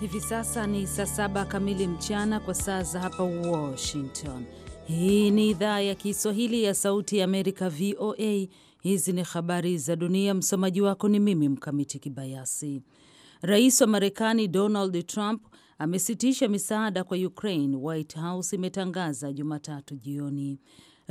Hivi sasa ni saa saba kamili mchana kwa saa za hapa Washington. Hii ni idhaa ya Kiswahili ya Sauti ya Amerika, VOA. Hizi ni habari za dunia. Msomaji wako ni mimi Mkamiti Kibayasi. Rais wa Marekani Donald Trump amesitisha misaada kwa Ukraine, White House imetangaza Jumatatu jioni.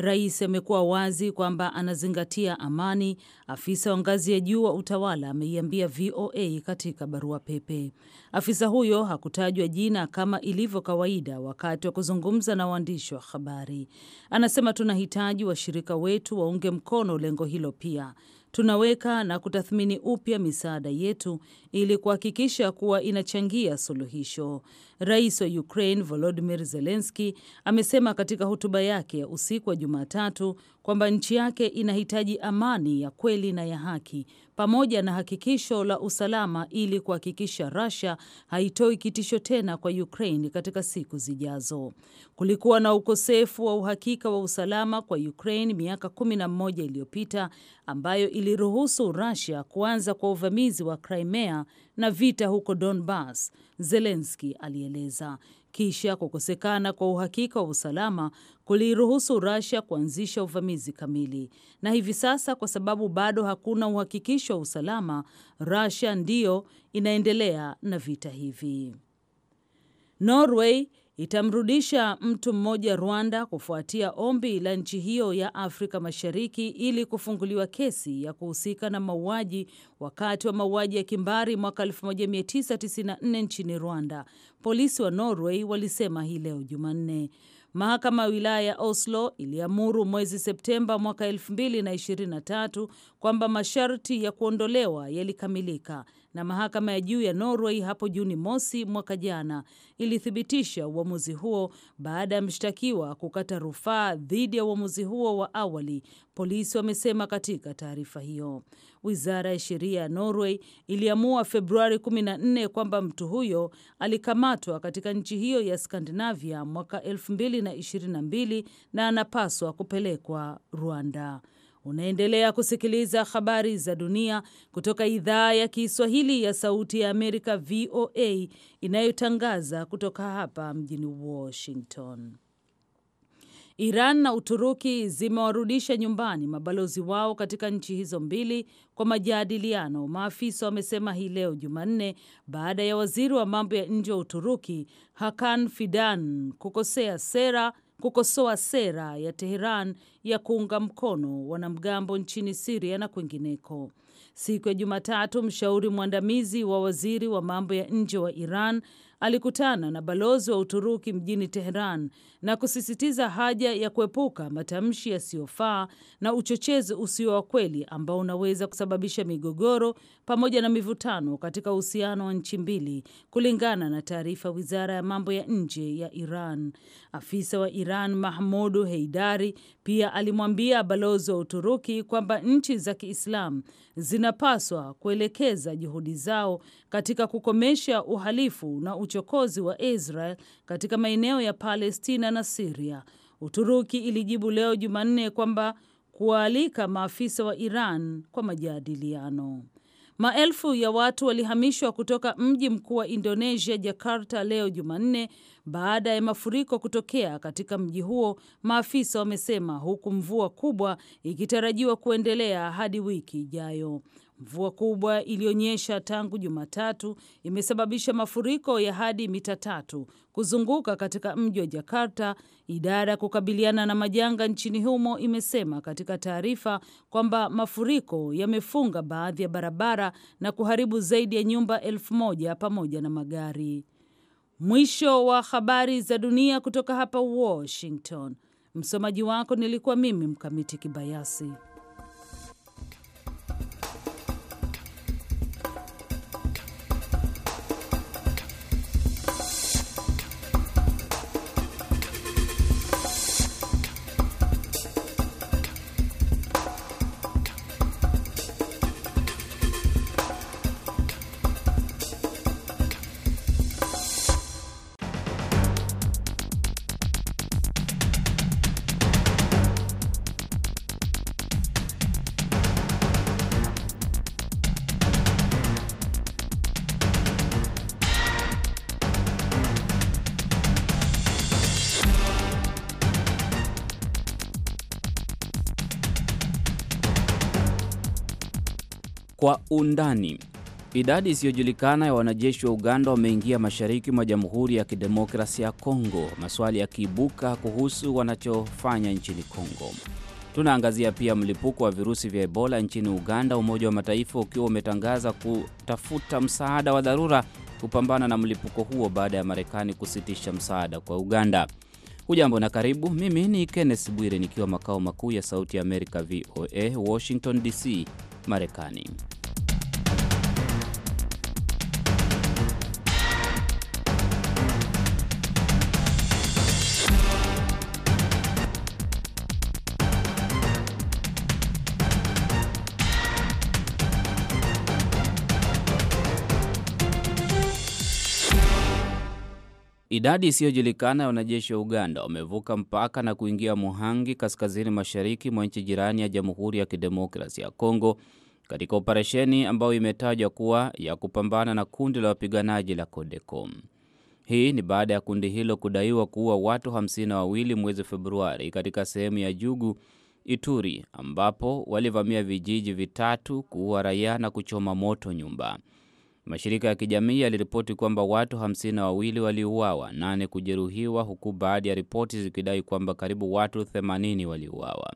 Rais amekuwa wazi kwamba anazingatia amani. Afisa wa ngazi ya juu wa utawala ameiambia VOA katika barua pepe. Afisa huyo hakutajwa jina kama ilivyo kawaida wakati wa kuzungumza na waandishi wa habari. Anasema tunahitaji washirika wetu waunge mkono lengo hilo pia tunaweka na kutathmini upya misaada yetu ili kuhakikisha kuwa inachangia suluhisho. Rais wa Ukraine volodimir zelenski amesema katika hotuba yake ya usiku wa Jumatatu kwamba nchi yake inahitaji amani ya kweli na ya haki pamoja na hakikisho la usalama ili kuhakikisha Russia haitoi kitisho tena kwa Ukraine katika siku zijazo. Kulikuwa na ukosefu wa uhakika wa usalama kwa Ukraine miaka kumi na mmoja iliyopita ambayo iliruhusu Russia kuanza kwa uvamizi wa Crimea na vita huko Donbas, zelenski alieleza. Kisha kukosekana kwa uhakika wa usalama kuliruhusu Russia kuanzisha uvamizi kamili. Na hivi sasa, kwa sababu bado hakuna uhakikisho wa usalama, Russia ndiyo inaendelea na vita hivi. Norway itamrudisha mtu mmoja Rwanda kufuatia ombi la nchi hiyo ya Afrika Mashariki ili kufunguliwa kesi ya kuhusika na mauaji wakati wa mauaji ya kimbari mwaka 1994 nchini Rwanda, polisi wa Norway walisema hii leo Jumanne. Mahakama ya wilaya ya Oslo iliamuru mwezi Septemba mwaka 2023 kwamba masharti ya kuondolewa yalikamilika na mahakama ya juu ya Norway hapo Juni mosi mwaka jana ilithibitisha uamuzi huo baada ya mshtakiwa kukata rufaa dhidi ya uamuzi huo wa awali, polisi wamesema katika taarifa hiyo. Wizara ya sheria ya Norway iliamua Februari 14 kwamba mtu huyo alikamatwa katika nchi hiyo ya Skandinavia mwaka 2022 na anapaswa kupelekwa Rwanda. Unaendelea kusikiliza habari za dunia kutoka idhaa ya Kiswahili ya Sauti ya Amerika, VOA, inayotangaza kutoka hapa mjini Washington. Iran na Uturuki zimewarudisha nyumbani mabalozi wao katika nchi hizo mbili kwa majadiliano, maafisa wamesema hii leo Jumanne, baada ya waziri wa mambo ya nje wa Uturuki Hakan Fidan kukosea sera kukosoa sera ya Teheran ya kuunga mkono wanamgambo nchini Siria na kwingineko. Siku ya Jumatatu, mshauri mwandamizi wa waziri wa mambo ya nje wa Iran alikutana na balozi wa Uturuki mjini Teheran na kusisitiza haja ya kuepuka matamshi yasiyofaa na uchochezi usio wa kweli ambao unaweza kusababisha migogoro pamoja na mivutano katika uhusiano wa nchi mbili, kulingana na taarifa wizara ya mambo ya nje ya Iran. Afisa wa Iran Mahmudu Heidari pia alimwambia balozi wa Uturuki kwamba nchi za Kiislamu zinapaswa kuelekeza juhudi zao katika kukomesha uhalifu na uchokozi wa Israel katika maeneo ya Palestina Palestina na Siria. Uturuki ilijibu leo Jumanne kwamba kuwaalika maafisa wa Iran kwa majadiliano. Maelfu ya watu walihamishwa kutoka mji mkuu wa Indonesia, Jakarta, leo Jumanne baada ya mafuriko kutokea katika mji huo, maafisa wamesema, huku mvua kubwa ikitarajiwa kuendelea hadi wiki ijayo. Mvua kubwa iliyonyesha tangu Jumatatu imesababisha mafuriko ya hadi mita tatu kuzunguka katika mji wa Jakarta. Idara ya kukabiliana na majanga nchini humo imesema katika taarifa kwamba mafuriko yamefunga baadhi ya barabara na kuharibu zaidi ya nyumba elfu moja pamoja na magari. Mwisho wa habari za dunia kutoka hapa Washington. Msomaji wako nilikuwa mimi Mkamiti Kibayasi. Kwa undani. Idadi isiyojulikana ya wanajeshi wa Uganda wameingia mashariki mwa Jamhuri ya Kidemokrasia ya Kongo, maswali yakiibuka kuhusu wanachofanya nchini Kongo. Tunaangazia pia mlipuko wa virusi vya Ebola nchini Uganda, Umoja wa Mataifa ukiwa umetangaza kutafuta msaada wa dharura kupambana na mlipuko huo baada ya Marekani kusitisha msaada kwa Uganda. Hujambo na karibu. Mimi ni Kenneth Bwire nikiwa makao makuu ya Sauti ya Amerika VOA Washington DC. Marekani. Idadi isiyojulikana ya wanajeshi wa Uganda wamevuka mpaka na kuingia Muhangi, kaskazini mashariki mwa nchi jirani ya Jamhuri ya Kidemokrasia ya Kongo, katika operesheni ambayo imetajwa kuwa ya kupambana na kundi la wapiganaji la Codecom. Hii ni baada ya kundi hilo kudaiwa kuua watu hamsini na wawili mwezi Februari katika sehemu ya Jugu, Ituri, ambapo walivamia vijiji vitatu, kuua raia na kuchoma moto nyumba. Mashirika ya kijamii yaliripoti kwamba watu hamsini na wawili waliuawa, nane kujeruhiwa, huku baadhi ya ripoti zikidai kwamba karibu watu 80 waliuawa.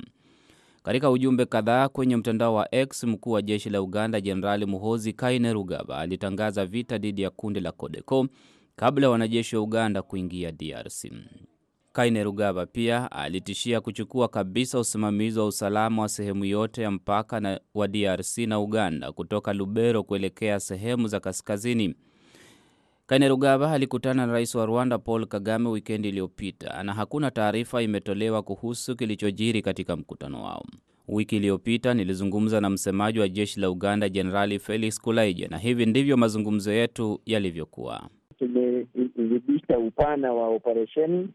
Katika ujumbe kadhaa kwenye mtandao wa X, mkuu wa jeshi la Uganda Jenerali Muhozi Kainerugaba alitangaza vita dhidi ya kundi la Codeco kabla ya wanajeshi wa Uganda kuingia DRC. Kainerugaba pia alitishia kuchukua kabisa usimamizi wa usalama wa sehemu yote ya mpaka na wa DRC na Uganda kutoka Lubero kuelekea sehemu za kaskazini. Kainerugaba alikutana na rais wa Rwanda Paul Kagame wikendi iliyopita na hakuna taarifa imetolewa kuhusu kilichojiri katika mkutano wao. Wiki iliyopita nilizungumza na msemaji wa jeshi la Uganda Jenerali Felix Kulaije, na hivi ndivyo mazungumzo yetu yalivyokuwa. Tumezidisha upana wa operesheni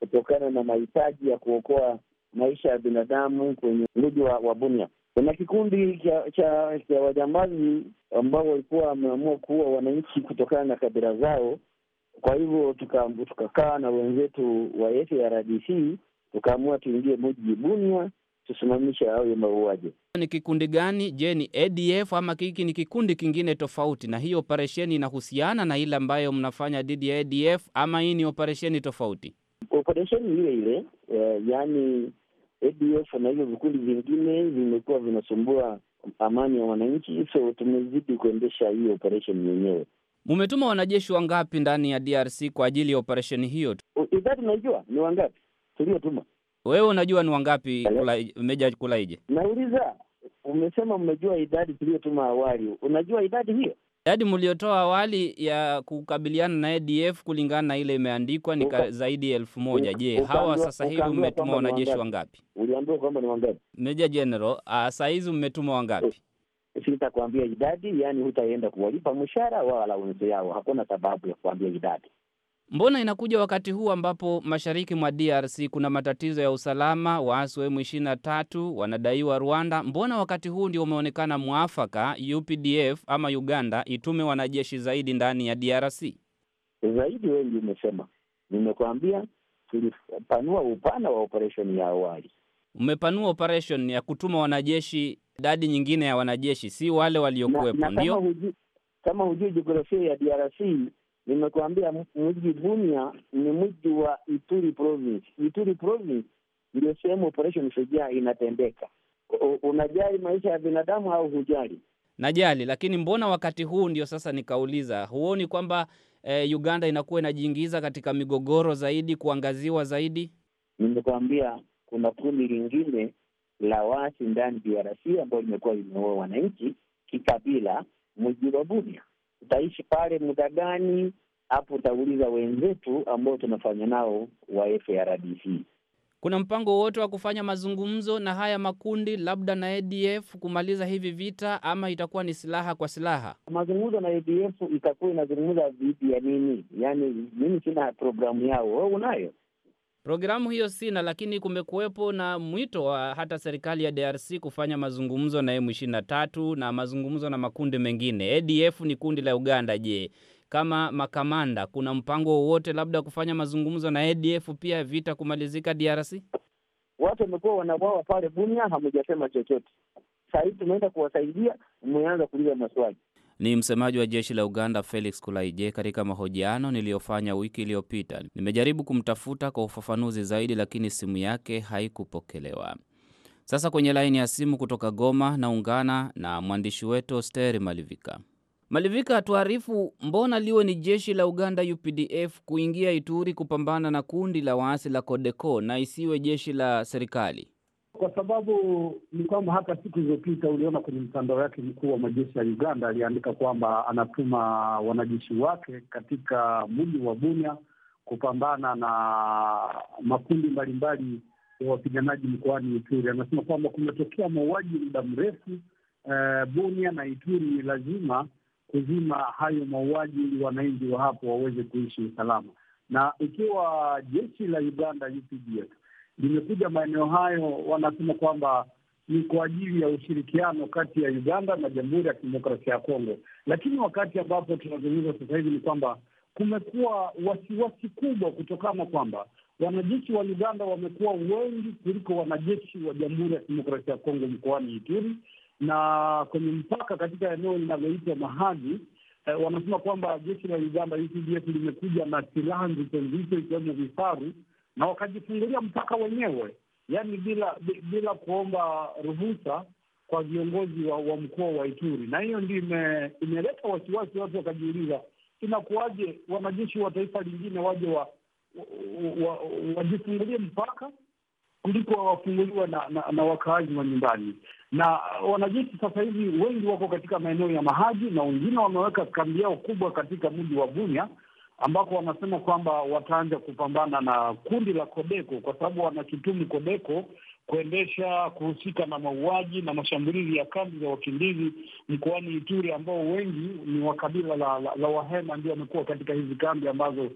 kutokana na mahitaji ya kuokoa maisha ya binadamu kwenye mji wa Bunia. Kuna kikundi cha cha, cha wajambazi ambao walikuwa wameamua kuua wananchi kutokana na kabila zao. Kwa hivyo tukakaa tuka na wenzetu wa FARDC tukaamua tuingie mji Bunia tusimamishe hayo mauaji. Ni kikundi gani? Je, ni ADF ama kiki ni kikundi kingine tofauti? Na hii operesheni inahusiana na ile ambayo mnafanya dhidi ya ADF ama hii ni operesheni tofauti? Operesheni ile ile, eh, yani ADF na hivyo vikundi vingine vimekuwa vinasumbua amani ya wananchi, so tumezidi kuendesha hiyo operation yenyewe. Mumetuma wanajeshi wangapi ndani ya DRC kwa ajili ya operesheni hiyo? Idadi unajua ni wangapi tuliotuma? Wewe unajua ni wangapi? Meja kula Kulaije, nauliza. Umesema umejua idadi tuliyotuma awali, unajua idadi hiyo? Idadi yaani mliotoa awali ya kukabiliana na ADF kulingana na ile imeandikwa ni zaidi ya elfu moja. Je, hawa sasa hivi mmetuma wanajeshi wangapi? Uliambiwa kwamba ni wangapi, Meja General? Ah, sasa hizi mmetuma wangapi? Sitakuambia idadi, yani hutaenda kuwalipa mshahara wala unusu yao. Hakuna sababu ya kuambia idadi. Mbona inakuja wakati huu ambapo mashariki mwa DRC kuna matatizo ya usalama, waasi wa M23 wanadaiwa Rwanda? Mbona wakati huu ndio umeonekana mwafaka UPDF ama Uganda itume wanajeshi zaidi ndani ya DRC? Zaidi wengi umesema, nimekuambia tulipanua upana wa operation ya awali. Umepanua operation ya kutuma wanajeshi, idadi nyingine ya wanajeshi, si wale waliokuwepo. Ndio kama hujui jiografia ya DRC Nimekuambia mji Bunia ni mji wa Ituri province. Ituri province ndio sehemu operation Shujaa inatendeka. Unajali maisha ya binadamu au hujali? Najali, lakini mbona wakati huu ndio sasa nikauliza, huoni kwamba eh, Uganda inakuwa inajiingiza katika migogoro zaidi, kuangaziwa zaidi? Nimekuambia kuna kundi lingine la wasi ndani DRC ambayo limekuwa limeua wananchi kikabila mji wa Bunia utaishi pale muda gani? Hapo utauliza wenzetu ambao tunafanya nao wa frdc Kuna mpango wowote wa kufanya mazungumzo na haya makundi labda na ADF kumaliza hivi vita, ama itakuwa ni silaha kwa silaha? Mazungumzo na ADF itakuwa inazungumza vipi ya nini? Yaani mimi sina programu yao, wewe unayo? Programu hiyo sina, lakini kumekuwepo na mwito wa hata serikali ya DRC kufanya mazungumzo na M23 na mazungumzo na makundi mengine. ADF ni kundi la Uganda. Je, kama makamanda, kuna mpango wowote labda kufanya mazungumzo na ADF pia vita kumalizika DRC? Watu wamekuwa wanawawa pale Bunia, hamjasema chochote. Saa tumeenda kuwasaidia, mmeanza kuuliza maswali. Ni msemaji wa jeshi la Uganda Felix Kulaije. Katika mahojiano niliyofanya wiki iliyopita, nimejaribu kumtafuta kwa ufafanuzi zaidi, lakini simu yake haikupokelewa. Sasa kwenye laini ya simu kutoka Goma naungana na mwandishi wetu Osteri Malivika. Malivika, tuarifu, mbona liwe ni jeshi la Uganda UPDF kuingia Ituri kupambana na kundi la waasi la codeco na isiwe jeshi la serikali? kwa sababu ni kwamba hata siku zilizopita uliona kwenye mtandao yake mkuu wa majeshi ya Uganda aliandika kwamba anatuma wanajeshi wake katika mji wa Bunia kupambana na makundi mbalimbali ya wapiganaji mkoani Ituri. Anasema kwamba kumetokea mauaji muda mrefu eh, Bunia na Ituri, ni lazima kuzima hayo mauaji ili wananchi wa hapo waweze kuishi usalama, na ikiwa jeshi la Uganda UPDF limekuja maeneo hayo, wanasema kwamba ni kwa ajili ya ushirikiano kati ya Uganda na Jamhuri ya Kidemokrasia ya Kongo. Lakini wakati ambapo tunazungumza sasa hivi ni kwamba kumekuwa wasiwasi kubwa kutokana kwamba wanajeshi wa Uganda wamekuwa wengi kuliko wanajeshi wa Jamhuri ya Kidemokrasia ya Kongo mkoani Ituri na kwenye mpaka katika eneo linaloitwa Mahagi. Eh, wanasema kwamba jeshi la Uganda UPDF limekuja na silaha nzito nzito ikiwemo vifaru na wakajifungulia mpaka wenyewe, yaani bila bila kuomba ruhusa kwa viongozi wa, wa mkoa wa Ituri. Na hiyo ndio imeleta wasiwasi, watu wakajiuliza inakuwaje wanajeshi wa taifa lingine waje wa wajifungulie wa, wa mpaka kuliko wafunguliwa na, na, na wakaazi wa nyumbani. Na wanajeshi sasa hivi wengi wako katika maeneo ya Mahagi na wengine wameweka kambi yao kubwa katika mji wa Bunya ambapo wanasema kwamba wataanza kupambana na kundi la Kodeko kwa sababu wanashutumu Kodeko kuendesha kuhusika na mauaji na mashambulizi ya kambi za wakimbizi mkoani Ituri, ambao wengi ni wa kabila la, la, la Wahema ndio wamekuwa katika hizi kambi ambazo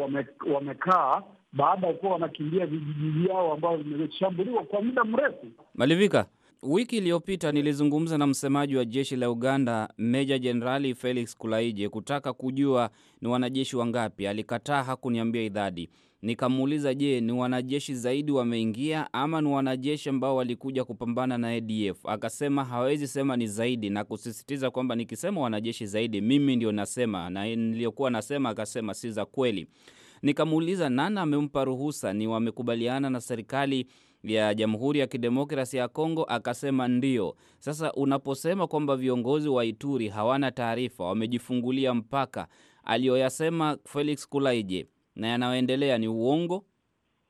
wamekaa wa, wamekaa baada ya kuwa wanakimbia vijiji vyao ambavyo vimeshambuliwa kwa muda mrefu. Malivika, Wiki iliyopita nilizungumza na msemaji wa jeshi la Uganda, Meja Jenerali Felix Kulaije, kutaka kujua ni wanajeshi wangapi. Alikataa, hakuniambia idadi. Nikamuuliza, je, ni wanajeshi zaidi wameingia ama ni wanajeshi ambao walikuja kupambana na ADF? Akasema hawezi sema ni zaidi, na kusisitiza kwamba nikisema wanajeshi zaidi, mimi ndio nasema na niliyokuwa nasema, akasema si za kweli. Nikamuuliza nana amempa ruhusa, ni wamekubaliana na serikali ya Jamhuri ya Kidemokrasi ya Kongo akasema ndio. Sasa unaposema kwamba viongozi wa Ituri hawana taarifa, wamejifungulia mpaka, aliyoyasema Felix Kulaije na yanayoendelea ni uongo?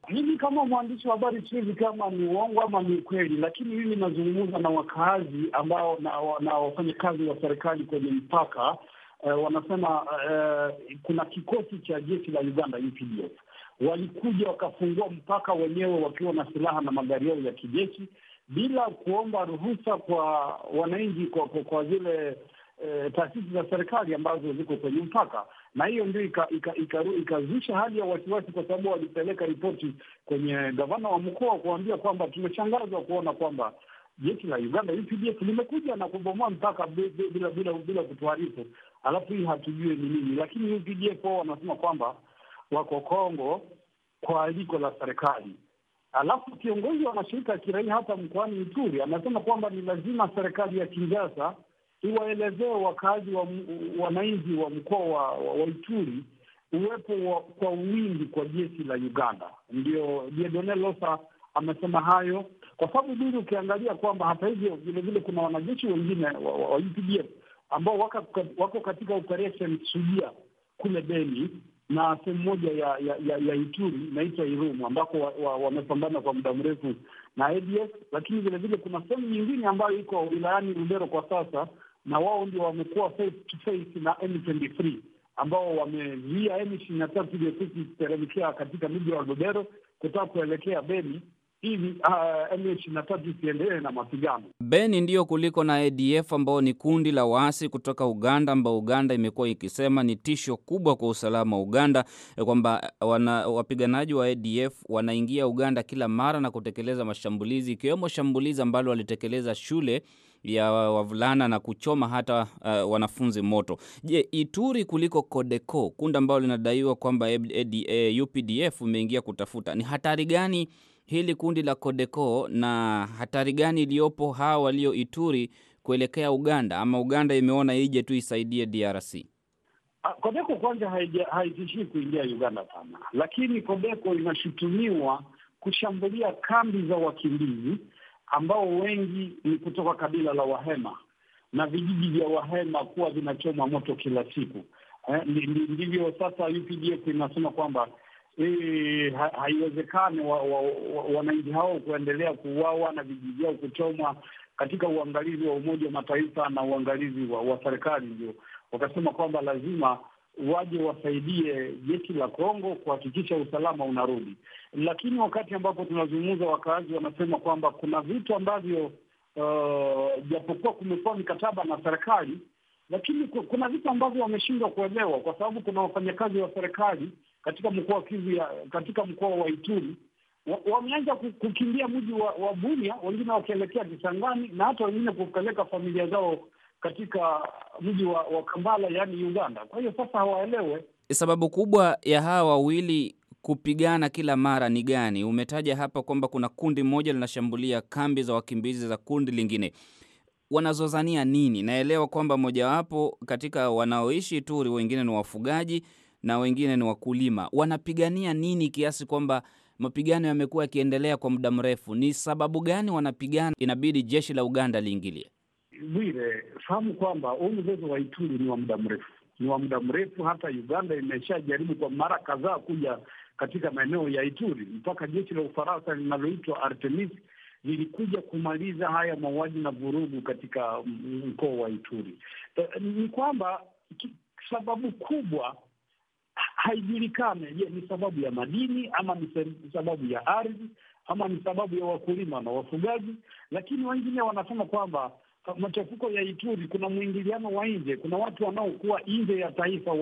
Mimi kama mwandishi wa habari siwezi kama ni uongo ama ni ukweli, lakini mimi nazungumza na wakaazi ambao na, na wafanyakazi wa serikali kwenye mpaka eh, wanasema eh, kuna kikosi cha jeshi la Uganda UPDF walikuja wakafungua mpaka wenyewe wakiwa na silaha na magari yao ya kijeshi bila kuomba ruhusa kwa wananchi, kwa, kwa, kwa zile e, taasisi za serikali ambazo ziko kwenye mpaka, na hiyo ndio ikazusha ika, ika, ika hali ya wasiwasi, kwa sababu walipeleka ripoti kwenye gavana wa mkoa kuambia kwamba tumeshangazwa kuona kwamba jeshi la Uganda UPDF limekuja na kubomoa mpaka bila bila bila kutuarifu, alafu hii hatujue ni nini, lakini UPDF wao wanasema kwamba wako Kongo kwa aliko la serikali. Alafu kiongozi wa mashirika ya kiraia hapa mkoani Ituri anasema kwamba ni lazima serikali ya Kinshasa iwaelezee wakazi wa wananchi wa mkoa wa, wa, wa Ituri uwepo wa, kwa wingi kwa jeshi la Uganda. Ndio Diedone Losa amesema hayo, kwa sababu bili ukiangalia kwamba hata hivyo vilevile kuna wanajeshi wengine wa, wa, wa ambao wako katika operation Sujia kule Beni na sehemu moja ya ya, ya, ya Ituri inaitwa Irumu ambako wamepambana wa, wa kwa muda mrefu na ADF, lakini vilevile kuna sehemu nyingine ambayo iko wilayani Lubero kwa sasa, na wao ndio wamekuwa face to face na M23 ambao wamezuia M23 kuteremkia katika mji wa Lubero kutaka kuelekea Beni ili uh, M23 isiendelee na mapigano Beni ndiyo kuliko na ADF ambao ni kundi la waasi kutoka Uganda, ambao Uganda imekuwa ikisema ni tisho kubwa kwa usalama wa Uganda, eh, kwamba wapiganaji wa ADF wanaingia Uganda kila mara na kutekeleza mashambulizi, ikiwemo shambulizi ambalo walitekeleza shule ya wavulana na kuchoma hata uh, wanafunzi moto. Je, Ituri kuliko Codeco, kundi ambalo linadaiwa kwamba e UPDF umeingia kutafuta, ni hatari gani hili kundi la Kodeko na hatari gani iliyopo hawa walio Ituri kuelekea Uganda, ama Uganda imeona ije tu isaidie DRC? Kodeko ah, kwanza haitishii kuingia Uganda sana, lakini Kodeko inashutumiwa kushambulia kambi za wakimbizi ambao wengi ni kutoka kabila la Wahema na vijiji vya Wahema kuwa vinachomwa moto kila siku. Eh, ndivyo sasa UPDF inasema kwamba hii haiwezekani wananchi wa, wa, hao kuendelea kuuawa na vijiji vyao kuchomwa katika uangalizi wa Umoja wa Mataifa na uangalizi wa, wa serikali. Ndio wakasema kwamba lazima waje wasaidie jeshi la Kongo kuhakikisha usalama unarudi. Lakini wakati ambapo tunazungumza, wakaazi wanasema kwamba kuna vitu ambavyo uh, japokuwa uh, kumekuwa mikataba na serikali, lakini kuna vitu ambavyo wameshindwa kuelewa, kwa sababu kuna wafanyakazi wa serikali katika mkoa wa Kivu ya katika mkoa wa Ituri wameanza kukimbia mji wa, wa Bunia, wengine wakielekea Kisangani na hata wengine kupeleka familia zao katika mji wa, wa Kambala yaani Uganda. Kwa hiyo sasa hawaelewe sababu kubwa ya hawa wawili kupigana kila mara ni gani? Umetaja hapa kwamba kuna kundi moja linashambulia kambi za wakimbizi za kundi lingine, wanazozania nini? Naelewa kwamba mojawapo katika wanaoishi Ituri wengine ni wafugaji na wengine ni wakulima. Wanapigania nini kiasi kwamba mapigano yamekuwa yakiendelea kwa muda mrefu? Ni sababu gani wanapigana inabidi jeshi la Uganda liingilie? Bwire, fahamu kwamba huu mzozo wa Ituri ni wa muda mrefu, ni wa muda mrefu. Hata Uganda imeshajaribu kwa mara kadhaa kuja katika maeneo ya Ituri, mpaka jeshi la Ufaransa linaloitwa Artemis lilikuja kumaliza haya mauaji na vurugu katika mkoa wa Ituri. Eh, ni kwamba sababu kubwa haijulikane. Je, ni sababu ya madini ama ni sababu ya ardhi ama ni sababu ya wakulima na wafugaji? Lakini wengine wanasema kwamba machafuko ya Ituri kuna mwingiliano wa nje, kuna watu wanaokuwa nje ya taifa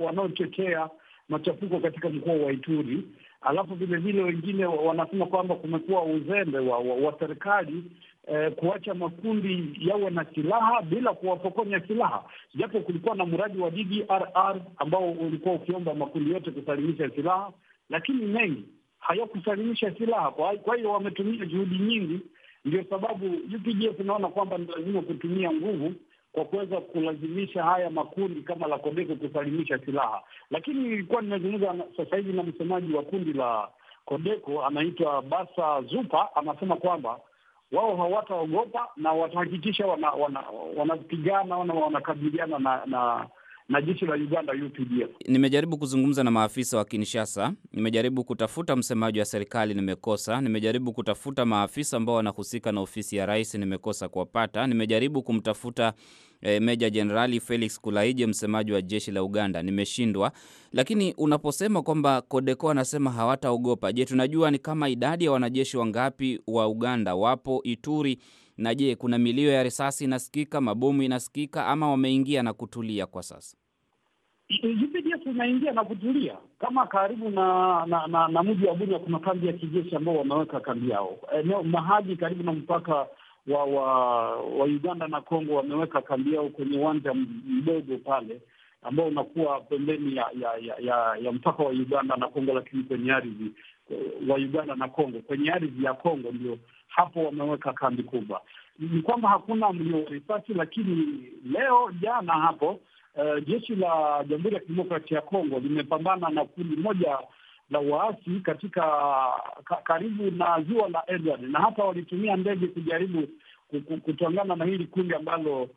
wanaochochea machafuko katika mkoa wa Ituri. Alafu vilevile wengine wanasema kwamba kumekuwa uzembe wa, wa, wa serikali eh, kuacha makundi yawe na silaha bila kuwapokonya silaha, japo kulikuwa na mradi wa DDRR ambao ulikuwa ukiomba makundi yote kusalimisha silaha, lakini mengi hayakusalimisha silaha. Kwa hiyo wametumia juhudi nyingi, ndio sababu UPDF inaona kwamba ni lazima kutumia nguvu kwa kuweza kulazimisha haya makundi kama la Kodeko kusalimisha silaha. Lakini nilikuwa nimezungumza sasa hivi na msemaji wa kundi la Kodeko anaitwa Basa Zupa, anasema kwamba wao hawataogopa na watahakikisha wanapigana wana, wana, wanakabiliana na, na na jeshi la Uganda UPDF. Nimejaribu kuzungumza na maafisa wa Kinshasa, nimejaribu kutafuta msemaji wa serikali, nimekosa. Nimejaribu kutafuta maafisa ambao wanahusika na ofisi ya rais, nimekosa kuwapata. Nimejaribu kumtafuta eh, Meja Jenerali Felix Kulaije, msemaji wa jeshi la Uganda, nimeshindwa. Lakini unaposema kwamba Kodeko anasema hawataogopa, je, tunajua ni kama idadi ya wanajeshi wangapi wa Uganda wapo Ituri na je, kuna milio ya risasi inasikika, mabomu inasikika, ama wameingia na kutulia kwa sasa? UPDF inaingia na kutulia kama karibu na na, na, na mji wa Bunia kuna kambi ya kijeshi ambao wameweka kambi yao eneo mahaji karibu na mpaka wa wa, wa Uganda na Kongo, wameweka kambi yao kwenye uwanja mdogo pale ambao unakuwa pembeni ya ya, ya, ya ya mpaka wa Uganda na Kongo, lakini kwenye ardhi wa Uganda na Kongo, kwenye ardhi ya Kongo ndio hapo wameweka kambi kubwa. Ni kwamba hakuna mlio wa risasi, lakini leo jana hapo uh, jeshi la Jamhuri ya Kidemokrasia ya Kongo limepambana na kundi moja la waasi katika ka, karibu na ziwa la Edward, na hata walitumia ndege kujaribu kutangana na hili kundi ambalo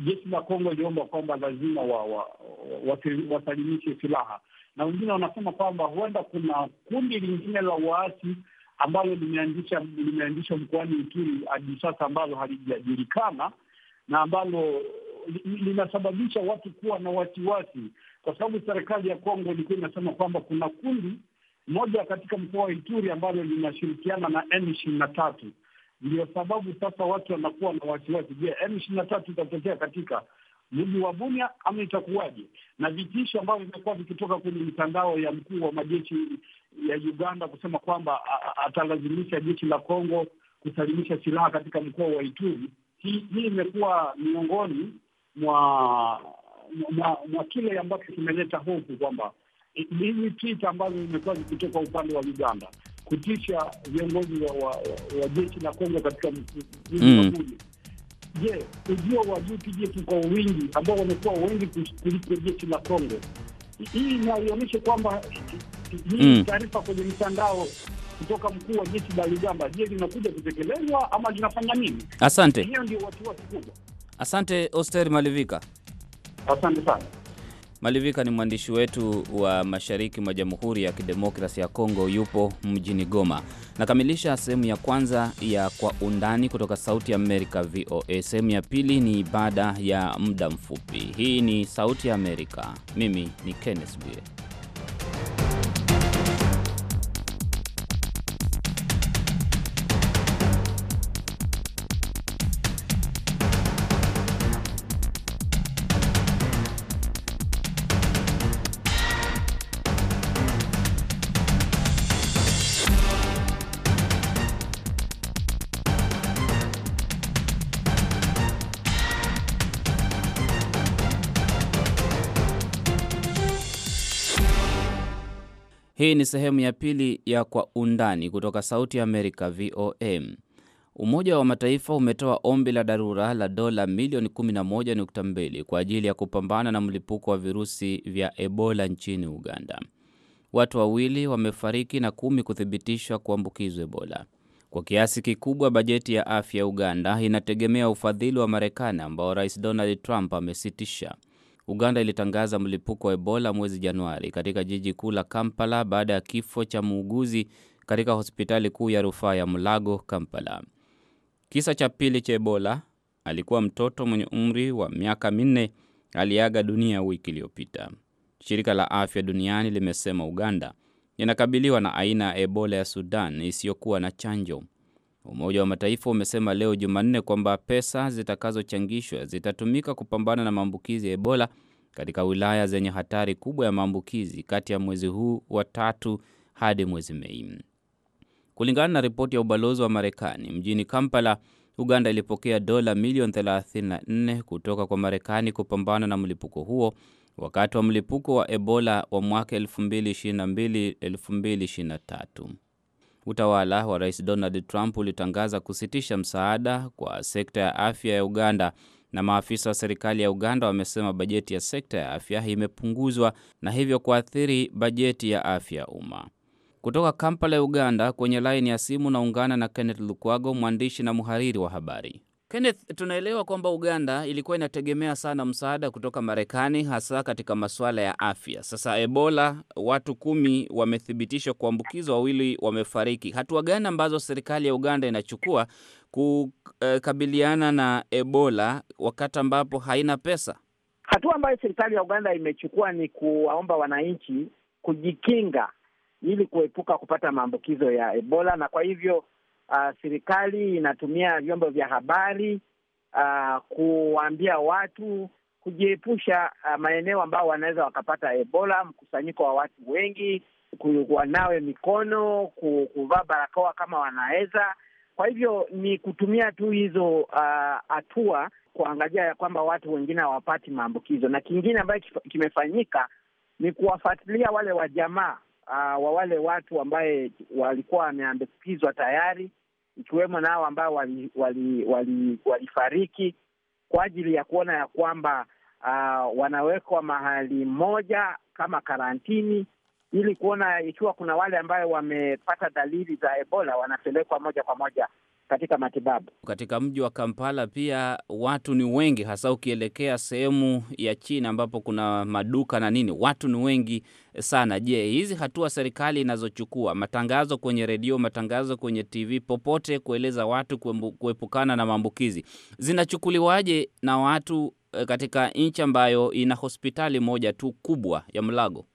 jeshi la Kongo iliomba kwamba lazima wa, wa, wa, wasalimishe silaha, na wengine wanasema kwamba huenda kuna kundi lingine la waasi ambalo limeandishwa mkoani Ituri hadi sasa ambalo halijajulikana na ambalo linasababisha watu kuwa na wasiwasi, kwa sababu serikali ya Kongo ilikuwa inasema kwamba kuna kundi moja katika mkoa wa Ituri ambalo linashirikiana na M ishirini na tatu. Ndio sababu sasa watu wanakuwa na wasiwasi. Je, M ishirini na tatu itatokea katika mji wa Bunia ama itakuwaje? Na vitisho ambavyo vimekuwa vikitoka kwenye mitandao ya mkuu wa majeshi ya Uganda kusema kwamba atalazimisha jeshi la Kongo kusalimisha silaha katika mkoa wa Ituri, hii imekuwa miongoni mwa mwa, mwa kile ambacho kimeleta hofu kwamba hizi tita ambazo zimekuwa zikitoka upande wa Uganda kutisha viongozi wa, wa, wa jeshi la Kongo katika mji wa mm. Bunia Je, ujio wa UPDF kwa wingi ambao wamekuwa wengi kuliko jeshi la Kongo, hii inaionyesha kwamba hii mm. taarifa kwenye mtandao kutoka mkuu wa jeshi la Uganda, je, linakuja kutekelezwa ama linafanya nini? Asante, hiyo ndio wasiwasi kubwa. Asante Oster Malivika, asante sana. Malivika ni mwandishi wetu wa mashariki mwa Jamhuri ya Kidemokrasi ya Kongo, yupo mjini Goma. Nakamilisha sehemu ya kwanza ya Kwa Undani kutoka Sauti Amerika, VOA. Sehemu ya pili ni baada ya muda mfupi. Hii ni Sauti ya Amerika, mimi ni Kenneth Bwire. Hii ni sehemu ya pili ya Kwa Undani kutoka Sauti ya Amerika, VOM. Umoja wa Mataifa umetoa ombi la dharura la dola milioni 11.2 kwa ajili ya kupambana na mlipuko wa virusi vya Ebola nchini Uganda. Watu wawili wamefariki na kumi kuthibitishwa kuambukizwa Ebola. Kwa kiasi kikubwa bajeti ya afya Uganda inategemea ufadhili wa Marekani ambao Rais Donald Trump amesitisha. Uganda ilitangaza mlipuko wa Ebola mwezi Januari katika jiji kuu la Kampala baada ya kifo cha muuguzi katika hospitali kuu ya rufaa ya Mulago, Kampala. Kisa cha pili cha Ebola alikuwa mtoto mwenye umri wa miaka minne, aliaga dunia wiki iliyopita. Shirika la Afya Duniani limesema Uganda inakabiliwa na aina ya Ebola ya Sudan isiyokuwa na chanjo. Umoja wa Mataifa umesema leo Jumanne kwamba pesa zitakazochangishwa zitatumika kupambana na maambukizi ya Ebola katika wilaya zenye hatari kubwa ya maambukizi kati ya mwezi huu wa tatu hadi mwezi Mei. Kulingana na ripoti ya ubalozi wa Marekani mjini Kampala, Uganda ilipokea dola milioni 34 kutoka kwa Marekani kupambana na mlipuko huo wakati wa mlipuko wa Ebola wa mwaka 2022-2023. Utawala wa Rais Donald Trump ulitangaza kusitisha msaada kwa sekta ya afya ya Uganda na maafisa wa serikali ya Uganda wamesema bajeti ya sekta ya afya imepunguzwa na hivyo kuathiri bajeti ya afya ya umma. Kutoka Kampala ya Uganda, kwenye laini ya simu naungana na Kenneth Lukwago, mwandishi na mhariri wa habari. Kenneth, tunaelewa kwamba Uganda ilikuwa inategemea sana msaada kutoka Marekani hasa katika masuala ya afya. Sasa Ebola, watu kumi wamethibitishwa kuambukizwa, wawili wamefariki. Hatua gani ambazo serikali ya Uganda inachukua kukabiliana na Ebola wakati ambapo haina pesa? Hatua ambayo serikali ya Uganda imechukua ni kuwaomba wananchi kujikinga ili kuepuka kupata maambukizo ya Ebola, na kwa hivyo uh, serikali inatumia vyombo vya habari uh, ah, kuwaambia watu kujiepusha uh, maeneo ambao wanaweza wakapata Ebola, mkusanyiko wa watu wengi, wanawe mikono, kuvaa barakoa kama wanaweza. Kwa hivyo ni kutumia tu hizo hatua uh, kuangalia ya kwamba watu wengine hawapati maambukizo, na kingine ambacho kimefanyika ni kuwafuatilia wale wajamaa uh, wa wale watu ambaye walikuwa wameambukizwa tayari ikiwemo nao ambao walifariki wali, wali, wali kwa ajili ya kuona ya kwamba uh, wanawekwa mahali moja kama karantini, ili kuona ikiwa kuna wale ambayo wamepata dalili za Ebola wanapelekwa moja kwa moja katika matibabu. Katika mji wa Kampala pia watu ni wengi, hasa ukielekea sehemu ya China ambapo kuna maduka na nini, watu ni wengi sana. Je, hizi hatua serikali inazochukua, matangazo kwenye redio, matangazo kwenye TV, popote kueleza watu kuepukana na maambukizi, zinachukuliwaje na watu eh, katika nchi ambayo ina hospitali moja tu kubwa ya Mlago?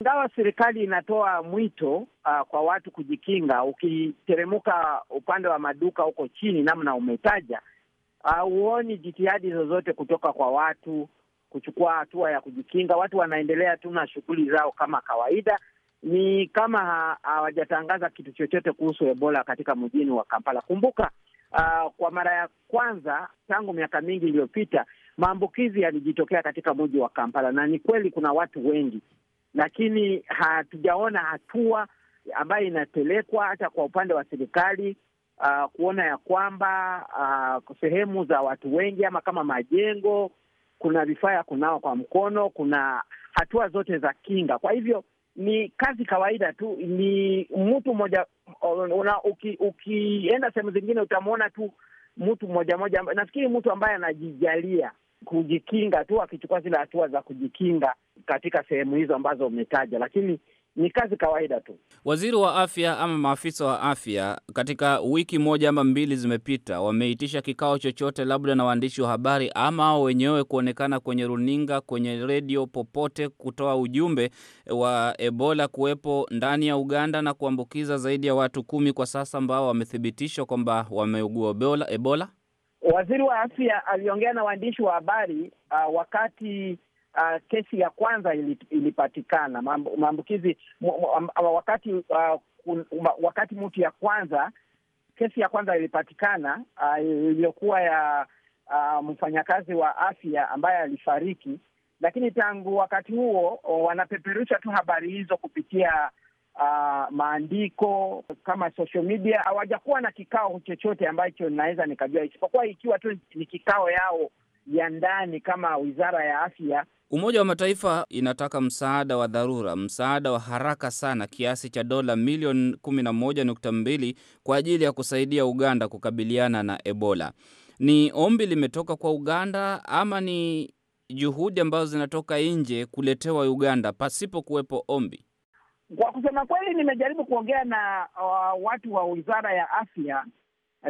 Ingawa serikali inatoa mwito uh, kwa watu kujikinga, ukiteremuka upande wa maduka huko chini, namna umetaja, uh, huoni uh, jitihadi zozote kutoka kwa watu kuchukua hatua ya kujikinga. Watu wanaendelea tu na shughuli zao kama kawaida, ni kama hawajatangaza kitu chochote kuhusu Ebola katika mjini wa Kampala. Kumbuka uh, kwa mara ya kwanza tangu miaka mingi iliyopita maambukizi yalijitokea katika mji wa Kampala, na ni kweli kuna watu wengi lakini hatujaona hatua ambayo inapelekwa hata kwa upande wa serikali uh, kuona ya kwamba uh, sehemu za watu wengi ama kama majengo kuna vifaa ya kunawa kwa mkono, kuna hatua zote za kinga. Kwa hivyo ni kazi kawaida tu, ni mtu mmoja una, uki, ukienda sehemu zingine utamwona tu mtu mmoja mmoja, nafikiri mtu ambaye anajijalia kujikinga tu, akichukua zile hatua za kujikinga katika sehemu hizo ambazo umetaja, lakini ni kazi kawaida tu. Waziri wa afya ama maafisa wa afya katika wiki moja ama mbili zimepita, wameitisha kikao chochote labda na waandishi wa habari ama ao wenyewe kuonekana kwenye runinga, kwenye redio, popote kutoa ujumbe wa Ebola kuwepo ndani ya Uganda na kuambukiza zaidi ya watu kumi kwa sasa ambao wamethibitishwa kwamba wameugua Ebola? Waziri wa afya aliongea na waandishi wa habari uh, wakati uh, kesi ya kwanza ilipatikana maambukizi wakati uh, wakati mtu ya kwanza kesi ya kwanza ilipatikana uh, iliyokuwa ya uh, mfanyakazi wa afya ambaye alifariki, lakini tangu wakati huo uh, wanapeperusha tu habari hizo kupitia Uh, maandiko kama social media, hawajakuwa na kikao chochote ambacho inaweza nikajua, isipokuwa ikiwa tu ni kikao yao ya ndani kama wizara ya afya Umoja wa Mataifa inataka msaada wa dharura, msaada wa haraka sana kiasi cha dola milioni 11.2 kwa ajili ya kusaidia Uganda kukabiliana na Ebola. Ni ombi limetoka kwa Uganda ama ni juhudi ambazo zinatoka nje kuletewa Uganda pasipo kuwepo ombi? Kwa kusema kweli, nimejaribu kuongea na uh, watu wa Wizara ya Afya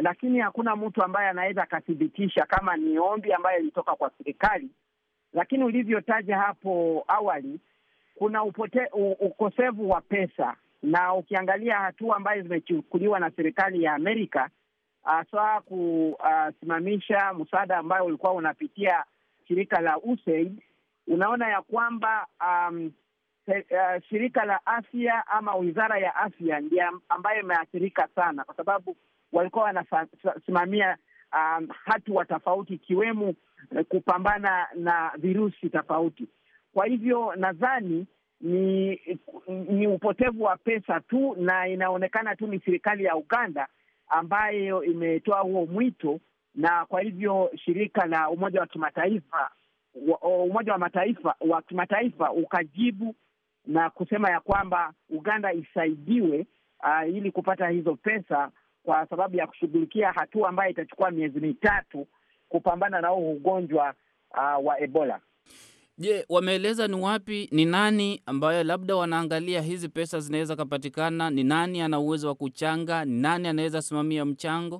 lakini hakuna mtu ambaye anaweza akathibitisha kama ni ombi ambayo ilitoka kwa serikali lakini ulivyotaja hapo awali, kuna upote, u, ukosefu wa pesa, na ukiangalia hatua ambayo zimechukuliwa na serikali ya Amerika hasa kusimamisha msaada ambayo ulikuwa unapitia shirika la USAID, unaona ya kwamba um, Uh, shirika la afya ama wizara ya afya ndi ambayo imeathirika sana, kwa sababu walikuwa wanasimamia um, hatua tofauti ikiwemo eh, kupambana na virusi tofauti. Kwa hivyo nadhani ni ni upotevu wa pesa tu, na inaonekana tu ni serikali ya Uganda ambayo imetoa huo mwito, na kwa hivyo shirika la Umoja wa Kimataifa Umoja wa Mataifa wa kimataifa ukajibu na kusema ya kwamba Uganda isaidiwe uh, ili kupata hizo pesa kwa sababu ya kushughulikia hatua ambayo itachukua miezi mitatu kupambana na huu ugonjwa uh, wa Ebola. Je, wameeleza ni wapi, ni nani ambayo labda wanaangalia hizi pesa zinaweza kupatikana? Ni nani ana uwezo wa kuchanga? Ni nani anaweza simamia mchango?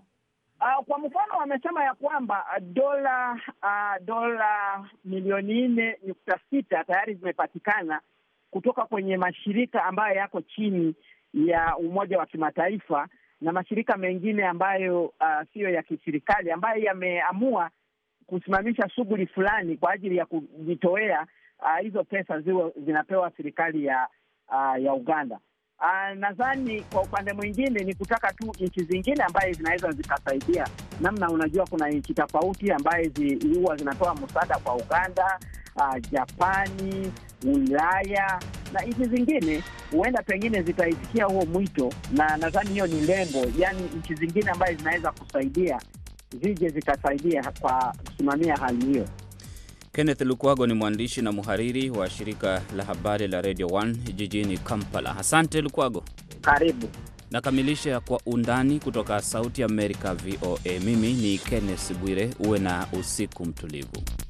Uh, kwa mfano wamesema ya kwamba uh, dola uh, dola milioni nne nukta sita tayari zimepatikana kutoka kwenye mashirika ambayo yako chini ya Umoja wa Kimataifa na mashirika mengine ambayo uh, siyo ya kiserikali ambayo yameamua kusimamisha shughuli fulani kwa ajili ya kujitoea uh, hizo pesa ziwe zinapewa serikali ya uh, ya Uganda. Uh, nadhani kwa upande mwingine ni kutaka tu nchi zingine ambaye zinaweza zikasaidia namna. Unajua, kuna nchi tofauti ambaye huwa zinatoa msaada kwa Uganda uh, Japani, Ulaya na nchi zingine huenda pengine zitaisikia huo mwito, na nadhani hiyo ni lengo, yaani nchi zingine ambazo zinaweza kusaidia zije zikasaidia kwa kusimamia hali hiyo. Kenneth Lukwago ni mwandishi na mhariri wa shirika la habari la Radio 1 jijini Kampala. Asante Lukwago, karibu. Nakamilisha kwa undani kutoka Sauti Amerika VOA. Mimi ni Kenneth Bwire, uwe na usiku mtulivu.